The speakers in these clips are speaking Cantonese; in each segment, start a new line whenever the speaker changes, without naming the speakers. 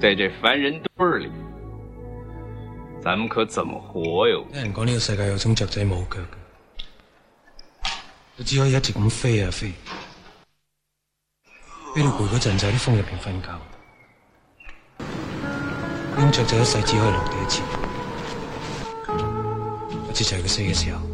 在這凡人堆兒裏，咱們可怎
麼活喲？聽人講，呢個世界有種雀仔冇腳，佢只可以一直咁飛啊飛，飛到攰嗰陣就喺啲風入邊瞓覺。呢 種雀仔一世只可以落地一次，一次就係佢死嘅時候。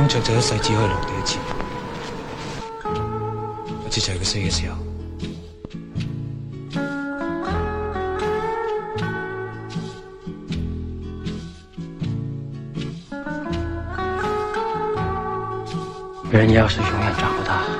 孔雀一世只可以落地一次，好似就係佢死嘅時候。人要是永遠長不大。